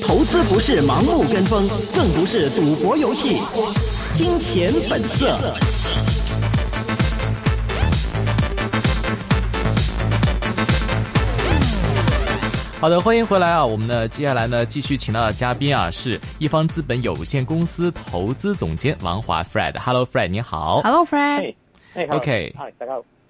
投資不是盲目跟風，更不是賭博遊戲。金錢本色。好的，歡迎回來啊！我們呢，接下來呢，繼續請到的嘉賓啊，是一方資本有限公司投資總監王華 （Fred）。Hello，Fred，你好。Hello，Fred。哎，OK。嗨，大家好。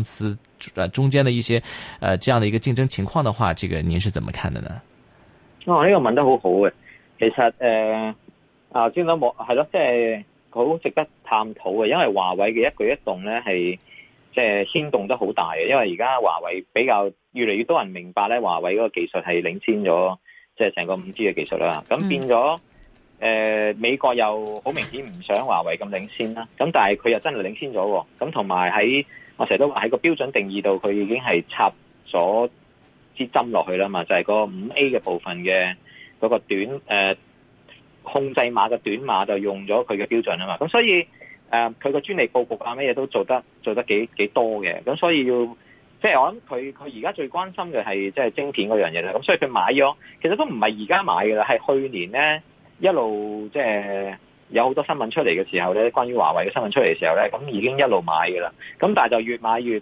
公司，中間的一些，呃這樣的一個競爭情況的話，這個您是怎麼看的呢？哦，呢個問得好好嘅，其實誒，啊、呃，專登冇係咯，即係好值得探討嘅，因為華為嘅一舉一動咧係，即係牽動得好大嘅，因為而家華為比較越嚟越多人明白咧，華為嗰個技術係領先咗，即係成個五 G 嘅技術啦，咁變咗。誒、呃、美國又好明顯唔想華為咁領先啦，咁但係佢又真係領先咗喎，咁同埋喺我成日都話喺個標準定義度，佢已經係插咗支針落去啦嘛，就係、是、個五 A 嘅部分嘅嗰個短誒、呃、控制碼嘅短碼就用咗佢嘅標準啊嘛，咁所以誒佢個專利佈局啊乜嘢都做得做得幾、幾多嘅，咁所以要即係、就是、我諗佢佢而家最關心嘅係即係晶片嗰樣嘢啦，咁所以佢買咗，其實都唔係而家買嘅啦，係去年呢。一路即係、就是、有好多新聞出嚟嘅時候咧，關於華為嘅新聞出嚟嘅時候咧，咁已經一路買嘅啦。咁但係就越買越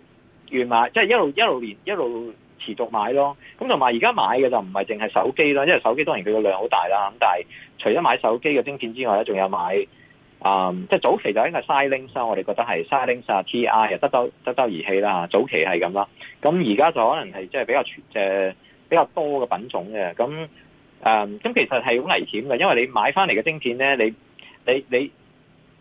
越買，即、就、係、是、一路一路連一路持續買咯。咁同埋而家買嘅就唔係淨係手機啦，因為手機當然佢個量好大啦。咁但係除咗買手機嘅晶片之外咧，仲有買啊，即、嗯、係、就是、早期就應該係 Silicon，我哋覺得係 Silicon 啊，TI 啊，德州德州儀器啦，早期係咁啦。咁而家就可能係即係比較全係比較多嘅品種嘅咁。誒、嗯，咁其實係好危險嘅，因為你買翻嚟嘅晶片咧，你你你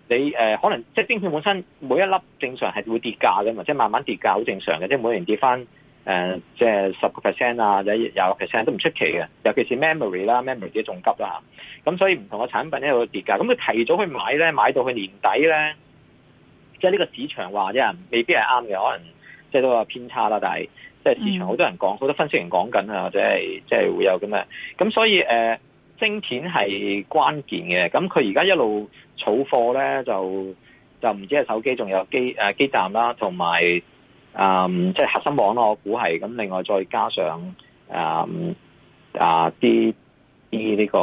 你誒、呃，可能即係晶片本身每一粒正常係會跌價嘛，或者慢慢跌價好正常嘅，即係每年跌翻誒、呃，即係十個 percent 啊，或者廿個 percent 都唔出奇嘅。尤其是 memory、嗯、啦，memory 自己仲急啊，咁所以唔同嘅產品咧會跌價。咁佢提早去買咧，買到去年底咧，即係呢個市場話即係未必係啱嘅，可能即係都有偏差啦，但係。即、嗯、係市場好多人講，好多分析員講緊啊，或者係即係會有咁啊。咁所以誒，晶片係關鍵嘅。咁佢而家一路儲貨咧，就就唔止係手機，仲有機誒基站啦，同埋啊即係核心網絡。我估係咁，另外再加上、嗯、啊啊啲呢個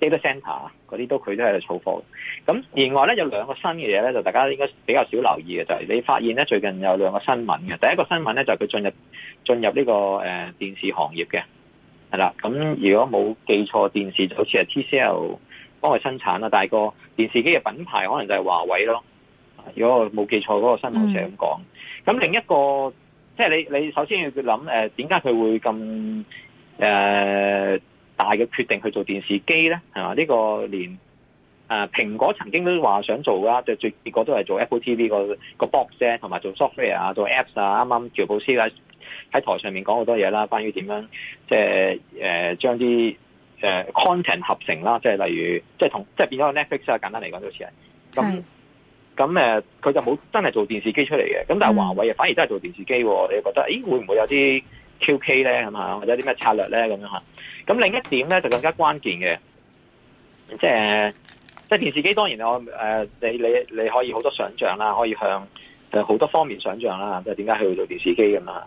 data center 嗰啲都佢都係儲貨。咁，另外咧有兩個新嘅嘢咧，就大家應該比較少留意嘅就係你發現咧最近有兩個新聞嘅。第一個新聞咧就係佢進入進入呢個誒電視行業嘅，係啦。咁如果冇記錯，電視就好似係 TCL 幫佢生產啦。但係個電視機嘅品牌可能就係華為咯。如果冇記錯嗰個新聞就係咁講。咁另一個即係你你首先要諗點解佢會咁誒大嘅決定去做電視機咧？係嘛？呢個年？啊！蘋果曾經都話想做啦，就最結果都係做 Apple TV 個個 box 啫，同埋做 software 啊，做 apps 啊。啱啱喬布斯喺台上面講好多嘢啦，關於點樣即係誒將啲誒 content 合成啦，即係例如即係同即係變咗個 Netflix 啊。簡單嚟講就似係咁咁誒，佢就冇真係做電視機出嚟嘅。咁但係華為反而都係做電視機。你覺得誒會唔會有啲 QK 咧咁嚇，或者啲咩策略咧咁樣嚇？咁另一點咧就更加關鍵嘅，即係。即係電視機，當然我誒，你你你可以好多想象啦，可以向誒好多方面想象啦，即係點解佢會做電視機噶嘛？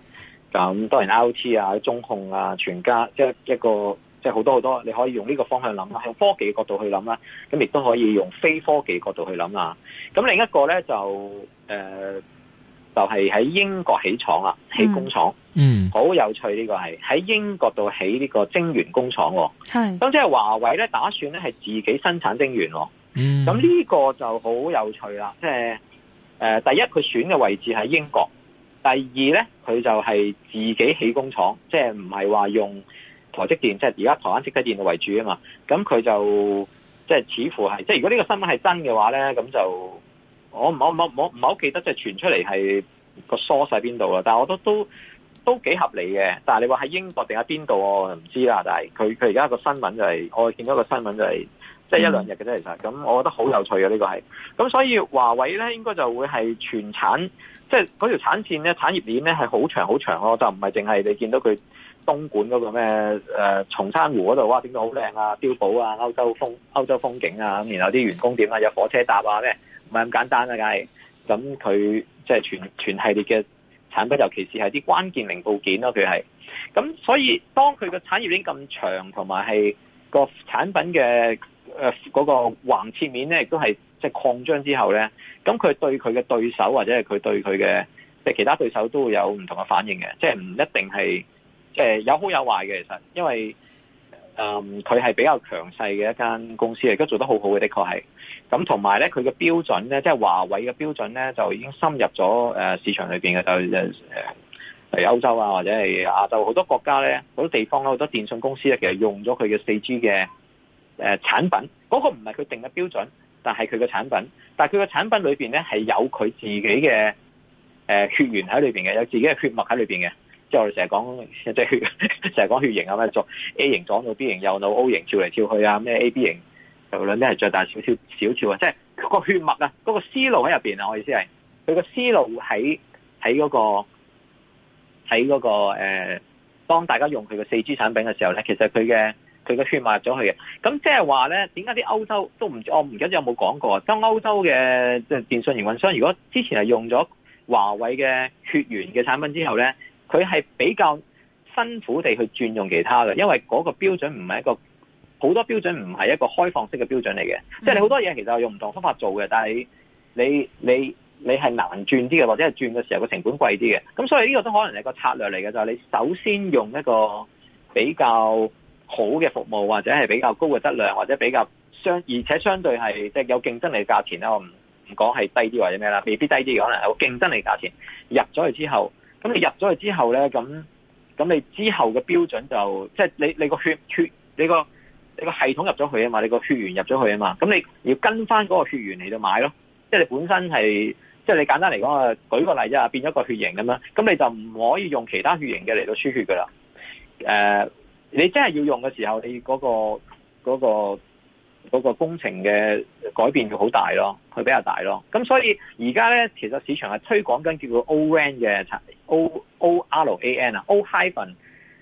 咁當然 IoT 啊、中控啊、全家即係一個即係好多好多，你可以用呢個方向諗啦，向科技角度去諗啦，咁亦都可以用非科技角度去諗啦。咁另一個咧就誒。呃就係、是、喺英國起廠啦，起工廠，嗯，好有趣呢個係喺英國度起呢個晶圓工廠，哦，係咁即係華為咧，打算咧係自己生產晶圓嗯、哦，咁、mm. 呢個就好有趣啦，即係誒，第一佢選嘅位置喺英國，第二咧佢就係自己起工廠，即係唔係話用台積電，即係而家台灣積體電路為主啊嘛，咁佢就即係、就是、似乎係，即、就、係、是、如果呢個新聞係真嘅話咧，咁就。我唔我冇冇唔好記得即係傳出嚟係個 source 喺邊度啊。但係我都都都幾合理嘅。但係你話喺英國定喺邊度，我就唔知啦。但係佢佢而家個新聞就係、是、我見到個新聞就係即係一兩日嘅啫，其實咁我覺得好有趣嘅呢個係。咁所以華為呢應該就會係全產，即係嗰條產線呢，產業鏈呢係好長好長咯，就唔係淨係你見到佢東莞嗰個咩、呃、松山湖嗰度哇點樣好靚啊，碉堡啊，歐洲風歐洲風景啊，然後啲員工點啊有火車搭啊咩？唔係咁簡單啦，梗係咁佢即係全全系列嘅產品，尤其是係啲關鍵零部件咯。佢係咁，所以當佢個產業鏈咁長，同埋係個產品嘅嗰個橫切面咧，亦都係即係擴張之後咧，咁佢對佢嘅對手或者係佢對佢嘅即係其他對手都會有唔同嘅反應嘅，即係唔一定係誒有好有壞嘅，其實因為。嗯，佢係比較強勢嘅一間公司嚟，而家做得好好嘅的確係。咁同埋咧，佢嘅標準咧，即係華為嘅標準咧，就已經深入咗誒、呃、市場裏邊嘅,就誒誒，呃、係歐洲啊，或者係亞洲好多國家咧，好多地方咧、啊，好多電信公司咧、啊，其實用咗佢嘅四 G 嘅誒產品。嗰、嗰個唔係佢定嘅標準，但係佢嘅產品，但係佢嘅產品裏邊咧係有佢自己嘅誒、呃、血緣喺裏邊嘅，有自己嘅血脈喺裏邊嘅。我哋成日講即係成日講血型啊咩，做 A 型左腦 B 型右腦，又到 O 型跳嚟跳去啊咩 A、B 型，無論咧係再大少少少跳啊，即係個血脈啊，嗰個思路喺入邊啊。我意思係佢個思路喺喺嗰個喺嗰個誒，當大家用佢嘅四 G 產品嘅時候咧，其實佢嘅佢嘅血脈入咗去嘅。咁即係話咧，點解啲歐洲都唔我唔記得有冇講過？當歐洲嘅即係電信營運商如果之前係用咗華為嘅血緣嘅產品之後咧？佢係比較辛苦地去轉用其他嘅，因為嗰個標準唔係一個好多標準唔係一個開放式嘅標準嚟嘅，即係你好多嘢其實是用唔同嘅方法做嘅，但係你你你係難轉啲嘅，或者係轉嘅時候個成本貴啲嘅，咁所以呢個都可能係個策略嚟嘅，就係你首先用一個比較好嘅服務或者係比較高嘅質量或者比較相而且相對係即係有競爭力嘅價錢啦，我唔唔講係低啲或者咩啦，未必低啲，可能有競爭力嘅價錢入咗去之後。咁你入咗去之後咧，咁咁你之後嘅標準就即係、就是、你你個血血你個你個系統入咗去啊嘛，你，血你個血源入咗去啊嘛。咁你要跟翻嗰個血源嚟到買咯，即係你本身係即係你簡單嚟講啊，舉個例啊變咗個血型咁樣，咁你就唔可以用其他血型嘅嚟到輸血噶啦。誒、呃，你真係要用嘅時候，你嗰、那個嗰、那個嗰、那個那個工程嘅改變好大咯，佢比較大咯。咁所以而家咧，其實市場係推廣緊叫做 O-RAN 嘅。O O R A N 啊，O hyphen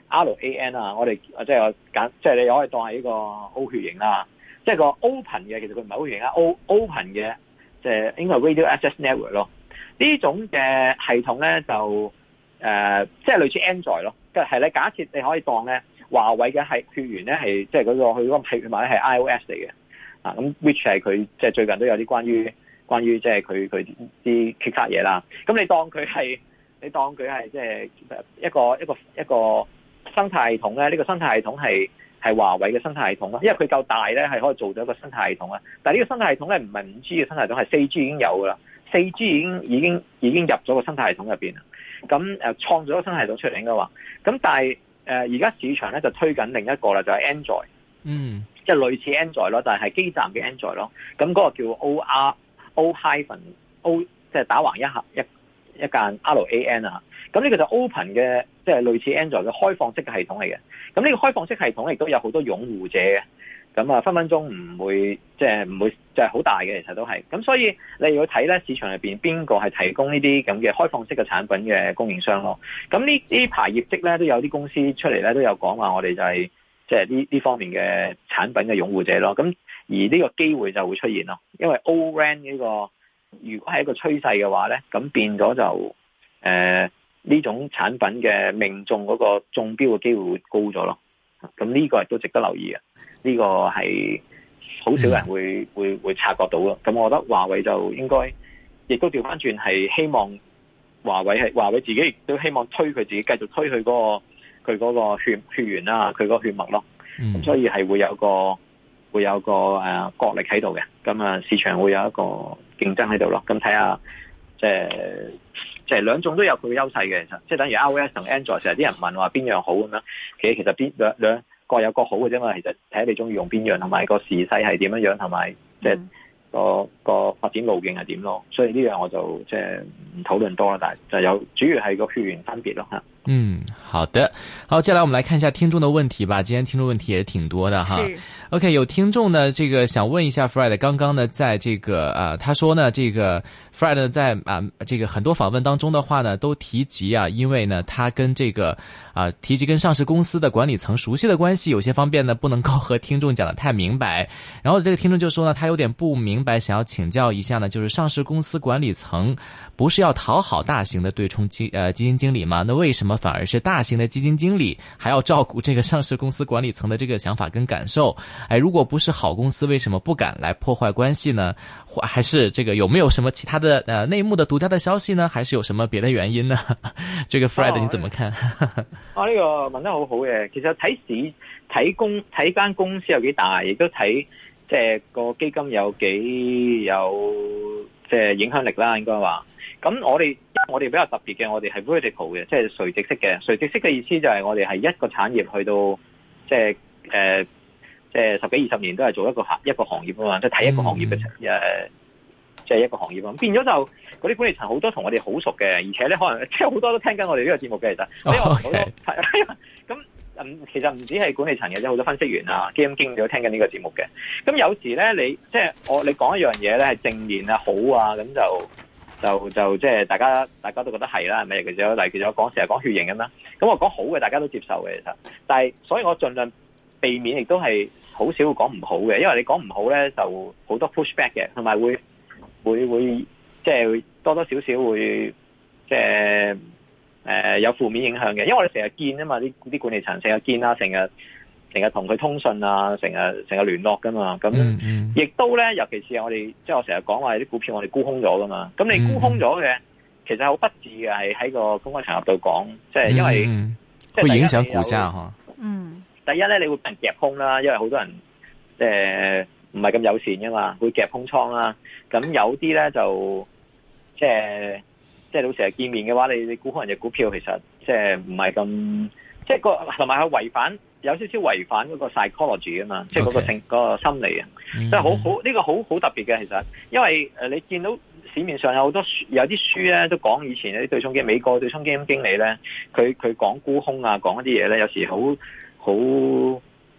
R A N 啊，我哋即係我簡，即係你可以當係呢個 O 血型啦。即係個 open 嘅，其實佢唔係 O 血型啊。open 嘅，即係應該係 Radio Access Network 咯。呢種嘅系統咧就誒，即係類似 Android 咯。係咧，假設你可以當咧，華為嘅係血源咧係即係嗰個佢嗰個係咪係 I O S 嚟嘅啊？咁 Which 係佢即係最近都有啲關於關於即係佢佢啲其他嘢啦。咁你當佢係。你當佢係即係一個一個一個生態系統咧，呢個生態系統係係華為嘅生態系統啦，因為佢夠大咧，係可以做咗個生態系統啦。但係呢個生態系統咧唔係五 G 嘅生態系統，係四 G 已經有噶啦，四 G 已經已經已經入咗個生態系統入邊啦。咁誒創咗個生態系統出嚟應該話，咁但係誒而家市場咧就推緊另一個啦，就係 Android，嗯，即係類似 Android 咯，但係基站嘅 Android 咯。咁嗰個叫 OR, O R O-hyphen O，即係打橫一下一。一間 RAN 啊，咁呢個就 open 嘅，即係類似 Android 嘅開放式嘅系統嚟嘅。咁呢個開放式系統亦都有好多擁護者嘅。咁啊，分分鐘唔會，即係唔會就係好大嘅，其實都係。咁所以你要睇咧，市場入面邊個係提供呢啲咁嘅開放式嘅產品嘅供應商咯？咁呢呢排業績咧，都有啲公司出嚟咧，都有講話我哋就係即係呢呢方面嘅產品嘅擁護者咯。咁而呢個機會就會出現咯，因為 O-RAN 呢個。如果係一個趨勢嘅話咧，咁變咗就誒呢、呃、種產品嘅命中嗰個中標嘅機會會高咗咯。咁呢個亦都值得留意啊！呢、這個係好少人會、嗯、會會，會察覺到咯。咁我覺得華為就應該亦都調翻轉，係希望華為係華為自己亦都希望推佢自己，繼續推佢嗰、那個佢個血血緣啦、啊，佢個血脈咯。咁、嗯、所以係會有一個會有一個誒、呃、國力喺度嘅，咁啊市場會有一個競爭喺度咯，咁睇下即係即係兩種都有佢嘅優勢嘅，其實即係等於 iOS 同 Android 成日啲人問話，邊樣好咁樣，其實其實邊兩兩各有各好嘅啫嘛，其實睇下你中意用邊樣，同埋、嗯、個時勢係點樣，同埋即係個個發展路徑係點咯，所以呢樣我就即係唔討論多啦，但係就有主要係個血緣分別咯吓。嗯，好的，好，接下來我們來看一下聽眾的問題吧。今天聽眾問題也挺多的哈。OK，有聽眾呢，這個想問一下 Fred，剛剛呢，在這個啊、呃，他說呢，這個 Fred 在啊、呃，這個很多訪問當中的話呢，都提及啊，因為呢，他跟這個啊、呃，提及跟上市公司的管理層熟悉的關係，有些方面呢，不能夠和聽眾講的太明白。然後這個聽眾就說呢，他有點不明白，想要請教一下呢，就是上市公司管理層不是要討好大型的對沖基呃基金經理嗎？那為什麼？反而是大型的基金經理還要照顧這個上市公司管理層的這個想法跟感受。哎，如果不是好公司，為什麼不敢來破壞關係呢？或還是這個有沒有什麼其他的呃內幕的獨家的消息呢？還是有什麼別的原因呢？這個 Fred 你怎麼看？啊、哦，呢、個哦呢個問得好好嘅。其實睇市、睇公、睇間公司有幾大，亦都睇即係個基金有幾有即係、這個、影響力啦，應該話。咁我哋，我哋比較特別嘅，我哋係 vertical 嘅，就是、即係垂直式嘅。垂直式嘅意思就係我哋係一個產業去到，即係、呃、即係十幾二十年都係做一個行一個行業啊嘛，即係睇一個行業嘅，誒、嗯呃，即、就、係、是、一個行業啊。變咗就嗰啲管理層好多同我哋好熟嘅，而且咧可能即係好多都聽緊我哋呢個節目嘅、oh, okay. 其實因為好多咁，其實唔止係管理層嘅，即好多分析員啊、基金經理都聽緊呢個節目嘅。咁有時咧，你即係我你講一樣嘢咧係正面啊、好啊，咁就。就就即係大家，大家都覺得係啦，係咪？佢就嚟，其實就講成日講血型咁啦。咁我講好嘅，大家都接受嘅其實。但係所以我盡量避免，亦都係好少講唔好嘅，因為你講唔好咧，就好多 push back 嘅，同埋會會會即係、就是、多多少少會即係誒有負面影響嘅，因為我哋成日見啊嘛，啲啲管理層成日見啦，成日。成日同佢通訊啊，成日成日聯絡噶嘛，咁亦都咧，尤其是係我哋，即係我成日講話啲股票，我哋沽空咗噶嘛，咁你沽空咗嘅，其實好不智嘅，係喺個公開場合度講，即係因為即係會影響股價嚇。嗯，第一咧，你會被夾空啦，因為好多人誒唔係咁友善噶嘛，會夾空倉啦。咁有啲咧就即係即係到成日見面嘅話，你你沽空人隻股票，其實即係唔係咁。即係個同埋佢違反有少少違反嗰個 psychology 啊嘛，okay. 即係嗰個性個心理啊，即係好好呢個好好特別嘅其實。因為你見到市面上有好多有啲書咧都講以前啲對沖基金美國對沖基金經理咧，佢佢講沽空啊，講一啲嘢咧，有時好好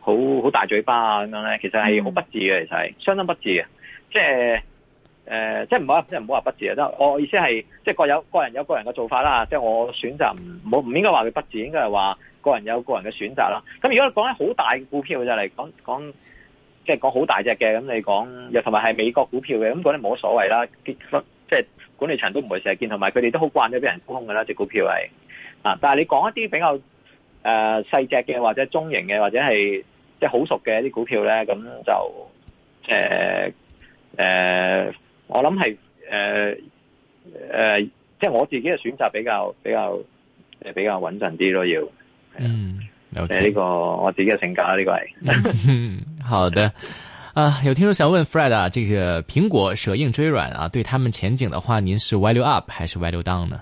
好好大嘴巴啊咁樣咧，其實係好不智嘅，其實係相當不智嘅，即係誒即係唔好即係唔好話不智啊，即係我意思係即係各有各人有各人嘅做法啦，即係我選擇唔冇唔應該話佢不智，應該係話。個人有個人嘅選擇啦。咁如果你講緊好大嘅股票就嚟講講，即係講好大隻嘅咁你講，又同埋係美國股票嘅咁，嗰啲冇乜所謂啦。其實即係管理層都唔會成日見，同埋佢哋都好慣咗俾人沽空㗎啦，隻股票係啊。但係你講一啲比較誒、呃、細隻嘅，或者中型嘅，或者係即係好熟嘅一啲股票咧，咁就誒誒、呃呃，我諗係誒誒，即、呃、係、呃就是、我自己嘅選擇比較比較誒比較穩陣啲咯，要。嗯，有、這、呢個、okay. 我自己嘅性格呢、這個係 、嗯。好的，啊有聽眾想問 Fred 啊，這個蘋果捨硬追軟啊，對他們前景的話，您是 value up 還是 value down 呢？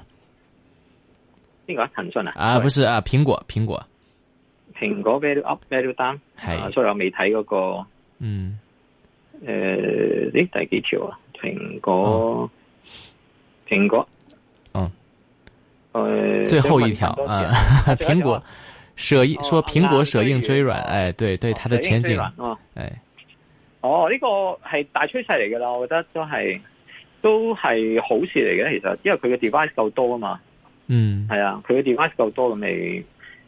呢、這個騰、啊、訊啊,啊，不是啊，蘋果蘋果蘋果 value up value down，係、啊，所以我未睇嗰個，嗯，誒，誒第幾條啊？蘋果、哦、蘋果。誒、呃，最後一條啊，蘋果，捨硬說蘋果捨硬、哦、追軟、哦，哎，對對，它的前景，啊、哦，哎，哦，呢、這個係大趨勢嚟噶啦，我覺得都係都係好事嚟嘅，其實，因為佢嘅 device 夠多啊嘛，嗯，係啊，佢嘅 device 夠多咁你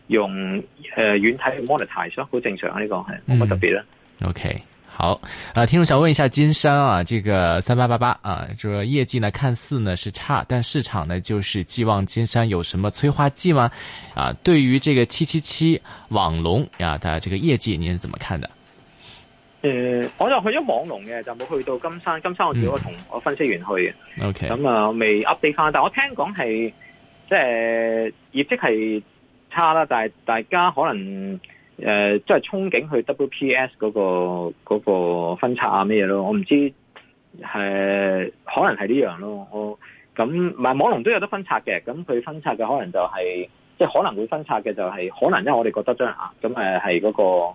用誒軟體去 monetize 好正常啊，這個、呢個係冇乜特別啦，OK。好，啊，聽眾想問一下金山啊，這個三八八八啊，就、這個、業績呢看似呢，看似呢是差，但市場呢就是寄望金山有什麼催化劑嗎？啊，對於這個七七七網龍呀，的、啊、這個業績，您是怎麼看的？誒、嗯，我就去咗網龍嘅，就冇去到金山。金山我自己我同我分析員去嘅。O、嗯、K。咁、okay. 啊、嗯嗯，我未 update 翻，但我聽講係即係業績係差啦，但係大家可能。誒、呃，即係憧憬去 WPS 嗰、那個嗰、那個分拆啊咩嘢咯？我唔知係可能係呢樣咯。我咁唔係網龍都有得分拆嘅，咁佢分拆嘅可能就係、是、即係可能會分拆嘅就係、是、可能因為我哋覺得真係啊咁誒係嗰個誒誒、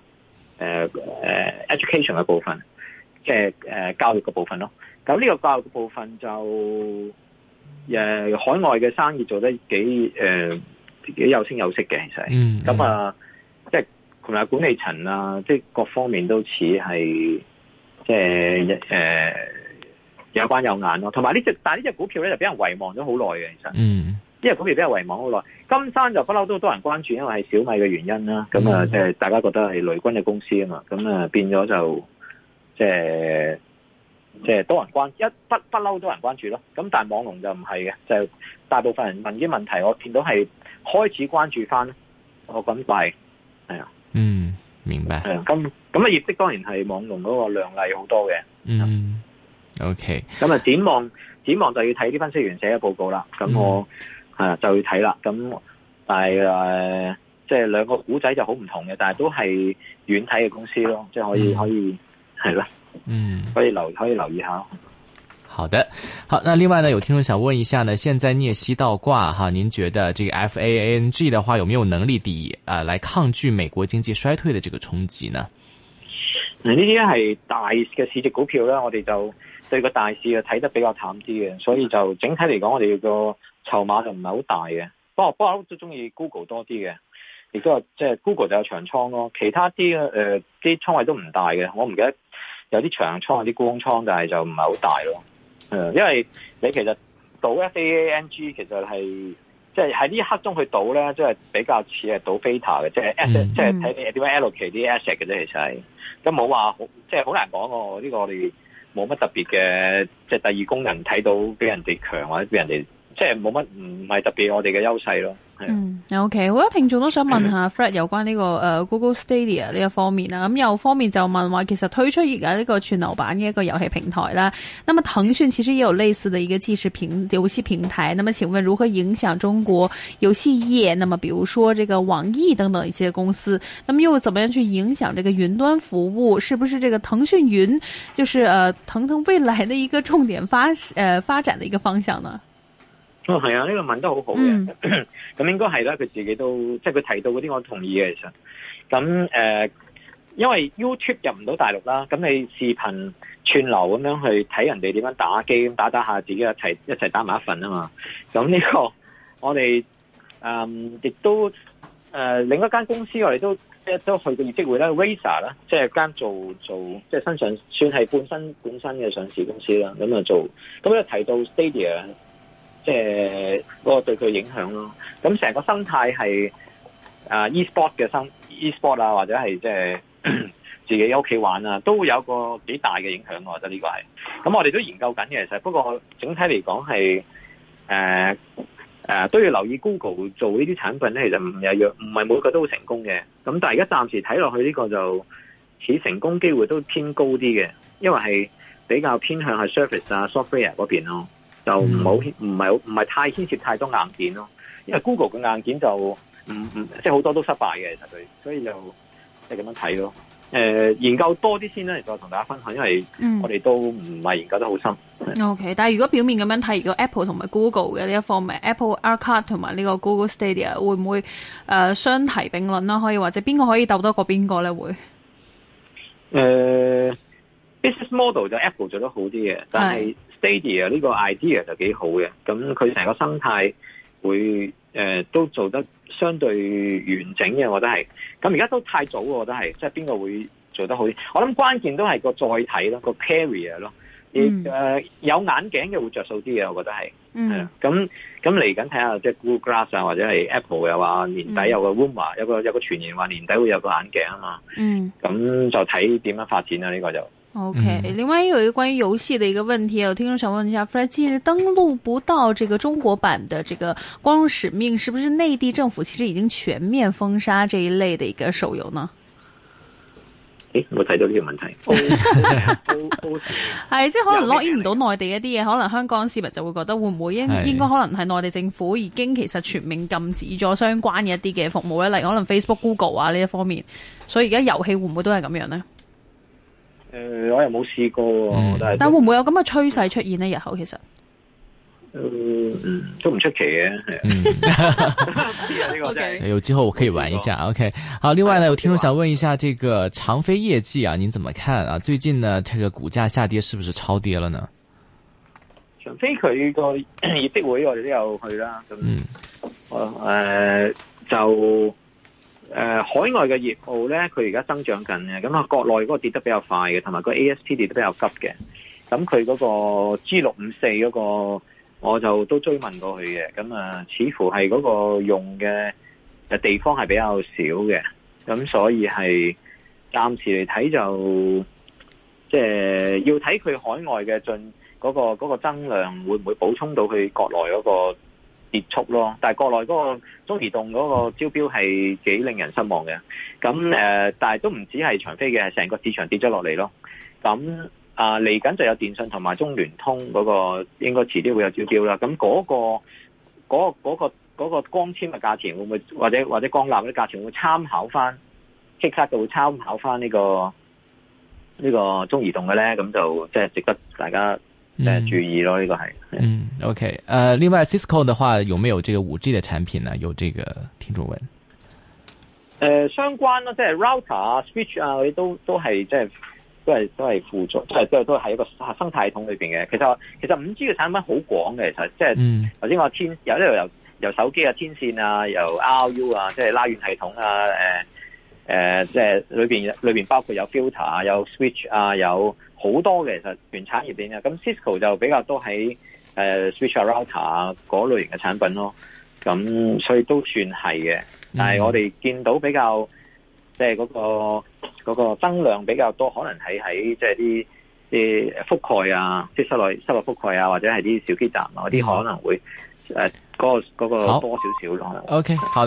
呃、education 嘅部分，即係誒教育嘅部分咯。咁呢個教育嘅部分就誒、呃、海外嘅生意做得幾誒、呃、幾有聲有色嘅，其實，咁、嗯、啊。嗯同埋管理層啊，即係各方面都似係即係誒、呃、有關有眼咯。同埋呢隻，但係呢隻股票咧就俾人遺忘咗好耐嘅，其實。嗯。因為股票俾人遺忘好耐，金山就不嬲都多人關注，因為係小米嘅原因啦。咁、嗯、啊，即係大家覺得係雷軍嘅公司啊嘛。咁啊，變咗就即係即係多人關一不不嬲多人關注咯。咁但係網龍就唔係嘅，就係大部分人問啲問題，我見到係開始關注翻我咁大係啊。明白係咁咁啊。業績當然係網龍嗰個亮麗好多嘅。嗯，OK。咁啊，展望展望就要睇啲分析員寫嘅報告啦。咁我啊就要睇啦。咁但係誒，即係兩個故仔就好唔同嘅，但係，呃就係，都係遠睇嘅公司咯。即，就，係，係，可以，嗯、可以係啦。嗯，可以留可以留意下。好的，好。那另外呢，有聽眾想問一下呢，現在逆息倒掛哈、啊，您覺得這個 FAANG 的話有沒有能力抵啊，來抗拒美國經濟衰退的這個衝擊呢？呢啲係大嘅市，市值股票呢，我哋就對個大市啊睇得比較淡啲嘅，所以就整體嚟講，我哋個籌碼就唔係好大嘅。不過不嬲都中意 Google 多啲嘅，亦都係即係 Google 就有長倉咯，其他啲誒啲倉位都唔大嘅。我唔記得有啲長倉有啲沽空倉，但係就唔係好大咯。嗯，因為你其實賭 F A A N G 其實係即係喺呢一刻中去賭咧，即係比較似係賭 beta 嘅，即係 S 即係睇你點樣 allocate 啲 asset 嘅啫，其實係咁冇話好，即係好難講哦。呢個我哋冇乜特別嘅，即係第二功能睇到比人哋強或者比人哋。即係冇乜唔係特別我哋嘅優勢咯。嗯，OK，好多聽眾都想問下 Fred 有關呢、這個誒 Google Stadia 呢一方面啦。咁、嗯、有方面就問話，其實推出而家呢個串流版嘅一個遊戲平台啦。咁麼騰訊其實也有類似的一個即時平遊戲平台。咁麼請問如何影響中國遊戲業？咁麼比如說這個網易等等一些公司，咁麼又怎麼樣去影響這個雲端服務？是不是這個騰訊雲就是呃騰騰未來的一個重點發呃發展的一個方向呢？係、哦、啊，呢、這個問得很好好嘅，咁、嗯、 應該係啦，佢自己都即係佢提到嗰啲，我同意嘅其實。咁誒、呃，因為 YouTube 入唔到大陸啦，咁你視頻串流咁樣去睇人哋點樣打機，咁打打下自己一齊一齊打埋一份啊嘛。咁呢、這個我哋誒亦都誒、呃、另一間公司，我哋都即係都去過業績會咧 Razer 啦，即係間做做即係新上，算係半身本身嘅上市公司啦。咁啊做，咁咧提到 Stadia。即、呃、係、那個對佢影響咯、啊，咁成個生態係啊、呃、e-sport 嘅生 e-sport 啊，或者係即係自己喺屋企玩啊，都會有個幾大嘅影響、啊，這個、我覺得呢個係。咁我哋都研究緊嘅，其實不過整體嚟講係誒誒都要留意 Google 做呢啲產品咧，其實唔係若唔係每個都會成功嘅。咁但係而家暫時睇落去呢個就似成功機會都偏高啲嘅，因為係比較偏向係 service 啊 software 嗰邊咯。就唔好，唔係唔係太牽涉太多硬件咯，因為 Google 嘅硬件就唔唔即係好多都失敗嘅其實佢，所以就即係咁樣睇咯。誒、呃，研究多啲先咧，再同大家分享，因為我哋都唔係研究得好深。O、嗯、K.、嗯、但係如果表面咁樣睇，如果 Apple 同埋 Google 嘅呢一方面，Apple Arcade 同埋呢個 Google Stadia 會唔會誒相、呃、提並論啦？可以或者邊個可以鬥得過邊個咧？會誒、呃、，business model 就 Apple 做得好啲嘅，但係。Daddy 啊，呢個 idea 就幾好嘅，咁佢成個生態會誒、呃、都做得相對完整嘅，我覺得係。咁而家都太早，我覺得係，即係邊個會做得好啲？我諗關鍵都係個載體咯，個 carrier 咯。而有眼鏡嘅會着數啲嘅，我覺得係。嗯。咁咁嚟緊睇下，即係 Google Glass 啊，或者係 Apple 又話年底有個 rumor、嗯、有個有個傳言話年底會有個眼鏡啊嘛。嗯。咁就睇點樣發展啦、啊？呢、這個就。OK，、mm. 另外又有一個關於遊戲的一個問題，有聽眾想問一下 Frank 今日登錄不到這個中國版的這個《光榮使命》，是不是內地政府其實已經全面封殺這一類的一個手遊呢？誒、哎，我睇到呢個問題，係即係可能 login 唔到內地一啲嘢，可能香港市民就會覺得會唔會應應該可能係內地政府已經其實全面禁止咗相關嘅一啲嘅服務咧，例如可能 Facebook、Google 啊呢一方面，所以而家遊戲會唔會都係咁樣呢？誒、呃，我又冇試過，嗯、但係但會唔會有咁嘅趨勢出現呢？日後其實，誒、嗯，都唔出奇嘅，係啊，有機會，有、okay, 哎、之後我可以玩一下。這個、OK，好。另外呢，有聽眾想問一下，這個長飛業績啊，您怎麼看啊？最近呢，這個股價下跌，是不是超跌了呢？長飛佢個業績會我哋都有去啦，咁，誒、嗯呃、就。誒、呃，海外嘅業務咧，佢而家增長緊嘅，咁啊國內嗰個跌得比較快嘅，同埋個 ASP 跌得比較急嘅，咁佢嗰個 G 六五四嗰個，我就都追問過去嘅，咁啊似乎係嗰個用嘅誒地方係比較少嘅，咁所以係暫時嚟睇就，即、就、係、是、要睇佢海外嘅進嗰個、那個增量會唔會補充到佢國內嗰、那個。跌速咯，但係國內嗰個中移動嗰個招標係幾令人失望嘅，咁誒、呃，但係都唔止係長飛嘅，成個市場跌咗落嚟咯。咁啊，嚟緊就有電信同埋中聯通嗰個，應該遲啲會有招標啦。咁嗰、嗰個嗰、嗰個嗰、嗰個嗰、嗰個嗰個嗰個嗰個光纖嘅價錢會唔會或者或者光纜啲價錢會參考翻，即刻就會參考翻呢、呢個呢、呢個中移動嘅咧？咁就即係值得大家。誒、嗯，注意咯，呢個係。嗯，OK，誒、呃，另外 Cisco 嘅話，有冇有呢個五 G 嘅產品呢？有呢、這個聽眾問。誒、呃，相關咯，即係 router 啊、switch 啊，嗰啲都都係即係都係都係輔助，即係都都係一個生態系統裏邊嘅。其實話，其實五 G 嘅產品好廣嘅，其實即係頭先我天，有呢度由由手機啊天線啊，由 RU 啊，即係拉遠系統啊，誒、呃。誒、呃、即係裏邊裏邊包括有 filter 啊，有 switch 啊，有好多嘅其實原產業鏈嘅。咁 Cisco 就比較多喺誒、呃、switch 啊、router 啊嗰類型嘅產品咯。咁所以都算係嘅。但係我哋見到比較，即係、嗰個、嗰個增量比較多，可能係喺即係啲啲覆蓋啊，即係室內室內覆蓋啊，或者係啲小基站啊啲可能會誒、呃嗰個、嗰個多少少咯。O、okay, K，好。